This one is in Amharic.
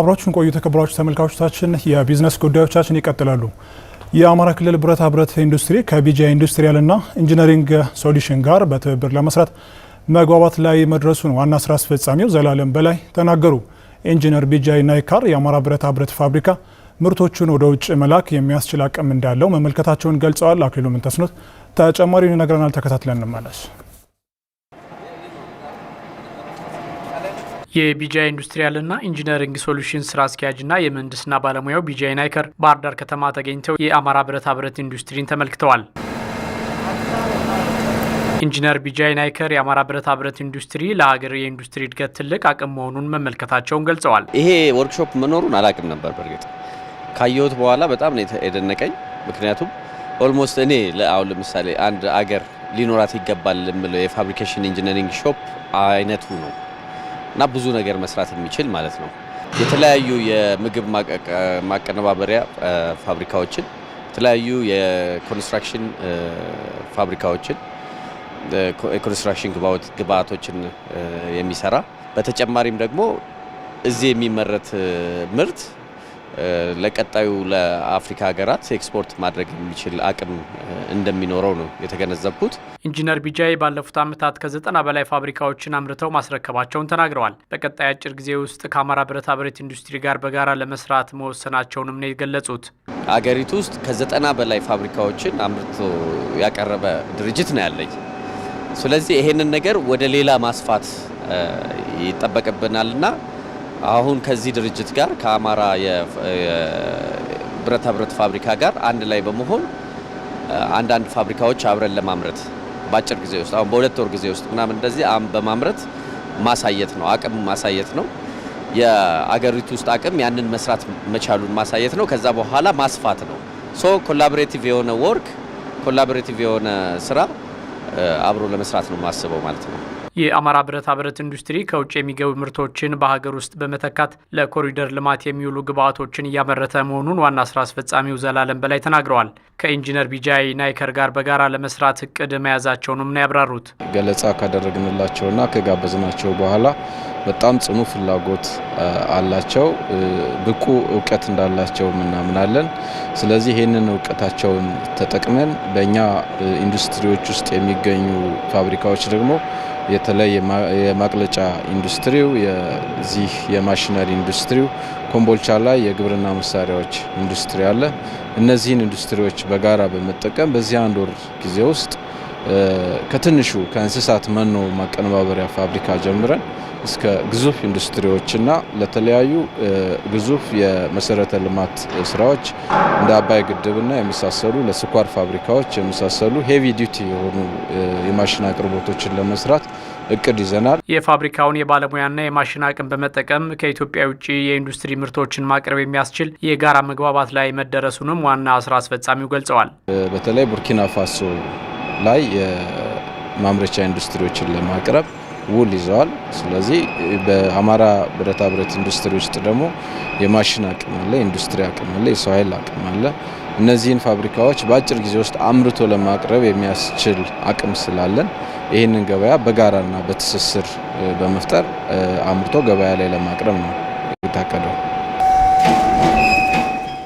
አብራችሁን ቆዩ ተከብራችሁ ተመልካቾቻችን። የቢዝነስ ጉዳዮቻችን ይቀጥላሉ። የአማራ ክልል ብረታ ብረት ኢንዱስትሪ ከቢጂአይ ኢንዱስትሪያልና ኢንጂነሪንግ ሶሉሽን ጋር በትብብር ለመስራት መግባባት ላይ መድረሱን ዋና ስራ አስፈጻሚው ዘላለም በላይ ተናገሩ። ኢንጂነር ቢጂአይ ናይካር የአማራ ብረታ ብረት ፋብሪካ ምርቶቹን ወደ ውጭ መላክ የሚያስችል አቅም እንዳለው መመልከታቸውን ገልጸዋል። አክሊሉ ምንተስኖት ተጨማሪውን ይነግረናል። ተከታትለን እንመለስ። የቢጃ ኢንዱስትሪያልና ኢንጂነሪንግ ሶሉሽን ስራ አስኪያጅና የምህንድስና ባለሙያው ቢጃይ ናይከር ባህር ዳር ከተማ ተገኝተው የአማራ ብረታ ብረት ኢንዱስትሪን ተመልክተዋል። ኢንጂነር ቢጃይ ናይከር የአማራ ብረታ ብረት ኢንዱስትሪ ለሀገር የኢንዱስትሪ እድገት ትልቅ አቅም መሆኑን መመልከታቸውን ገልጸዋል። ይሄ ወርክሾፕ መኖሩን አላቅም ነበር። በእርግጥ ካየሁት በኋላ በጣም ነው የደነቀኝ። ምክንያቱም ኦልሞስት እኔ አሁን ለምሳሌ አንድ አገር ሊኖራት ይገባል የምለው የፋብሪኬሽን ኢንጂነሪንግ ሾፕ አይነቱ ነው እና ብዙ ነገር መስራት የሚችል ማለት ነው። የተለያዩ የምግብ ማቀነባበሪያ ፋብሪካዎችን፣ የተለያዩ የኮንስትራክሽን ፋብሪካዎችን፣ የኮንስትራክሽን ግብአቶችን የሚሰራ በተጨማሪም ደግሞ እዚህ የሚመረት ምርት ለቀጣዩ ለአፍሪካ ሀገራት ኤክስፖርት ማድረግ የሚችል አቅም እንደሚኖረው ነው የተገነዘብኩት። ኢንጂነር ቢጃይ ባለፉት ዓመታት ከዘጠና በላይ ፋብሪካዎችን አምርተው ማስረከባቸውን ተናግረዋል። በቀጣይ አጭር ጊዜ ውስጥ ከአማራ ብረታ ብረት ኢንዱስትሪ ጋር በጋራ ለመስራት መወሰናቸውንም ነው የገለጹት። አገሪቱ ውስጥ ከዘጠና በላይ ፋብሪካዎችን አምርቶ ያቀረበ ድርጅት ነው ያለኝ። ስለዚህ ይሄንን ነገር ወደ ሌላ ማስፋት ና አሁን ከዚህ ድርጅት ጋር ከአማራ የብረታ ብረት ፋብሪካ ጋር አንድ ላይ በመሆን አንዳንድ ፋብሪካዎች አብረን ለማምረት በአጭር ጊዜ ውስጥ አሁን በሁለት ወር ጊዜ ውስጥ ምናምን እንደዚህ በማምረት ማሳየት ነው፣ አቅም ማሳየት ነው። የአገሪቱ ውስጥ አቅም ያንን መስራት መቻሉን ማሳየት ነው። ከዛ በኋላ ማስፋት ነው። ሶ ኮላቦሬቲቭ የሆነ ወርክ ኮላቦሬቲቭ የሆነ ስራ አብሮ ለመስራት ነው ማስበው ማለት ነው። የአማራ ብረታ ብረት ኢንዱስትሪ ከውጭ የሚገቡ ምርቶችን በሀገር ውስጥ በመተካት ለኮሪደር ልማት የሚውሉ ግብዓቶችን እያመረተ መሆኑን ዋና ስራ አስፈጻሚው ዘላለም በላይ ተናግረዋል። ከኢንጂነር ቢጃይ ናይከር ጋር በጋራ ለመስራት እቅድ መያዛቸውንም ነው ያብራሩት። ገለጻ ካደረግንላቸውና ከጋበዝናቸው በኋላ በጣም ጽኑ ፍላጎት አላቸው። ብቁ እውቀት እንዳላቸው እናምናለን። ስለዚህ ይህንን እውቀታቸውን ተጠቅመን በእኛ ኢንዱስትሪዎች ውስጥ የሚገኙ ፋብሪካዎች ደግሞ የተለይ የማቅለጫ ኢንዱስትሪው የዚህ የማሽነሪ ኢንዱስትሪው ኮምቦልቻ ላይ የግብርና መሳሪያዎች ኢንዱስትሪ አለ። እነዚህን ኢንዱስትሪዎች በጋራ በመጠቀም በዚህ አንድ ወር ጊዜ ውስጥ ከትንሹ ከእንስሳት መኖ ማቀነባበሪያ ፋብሪካ ጀምረን እስከ ግዙፍ ኢንዱስትሪዎችና ለተለያዩ ግዙፍ የመሰረተ ልማት ስራዎች እንደ አባይ ግድብና የመሳሰሉ ለስኳር ፋብሪካዎች የመሳሰሉ ሄቪ ዲቲ የሆኑ የማሽን አቅርቦቶችን ለመስራት እቅድ ይዘናል። የፋብሪካውን የባለሙያና የማሽን አቅም በመጠቀም ከኢትዮጵያ ውጭ የኢንዱስትሪ ምርቶችን ማቅረብ የሚያስችል የጋራ መግባባት ላይ መደረሱንም ዋና ስራ አስፈጻሚው ገልጸዋል። በተለይ ቡርኪና ፋሶ ላይ የማምረቻ ኢንዱስትሪዎችን ለማቅረብ ውል ይዘዋል። ስለዚህ በአማራ ብረታ ብረት ኢንዱስትሪ ውስጥ ደግሞ የማሽን አቅም አለ፣ የኢንዱስትሪ አቅም አለ፣ የሰው ኃይል አቅም አለ። እነዚህን ፋብሪካዎች በአጭር ጊዜ ውስጥ አምርቶ ለማቅረብ የሚያስችል አቅም ስላለን ይህንን ገበያ በጋራና በትስስር በመፍጠር አምርቶ ገበያ ላይ ለማቅረብ ነው የታቀደው።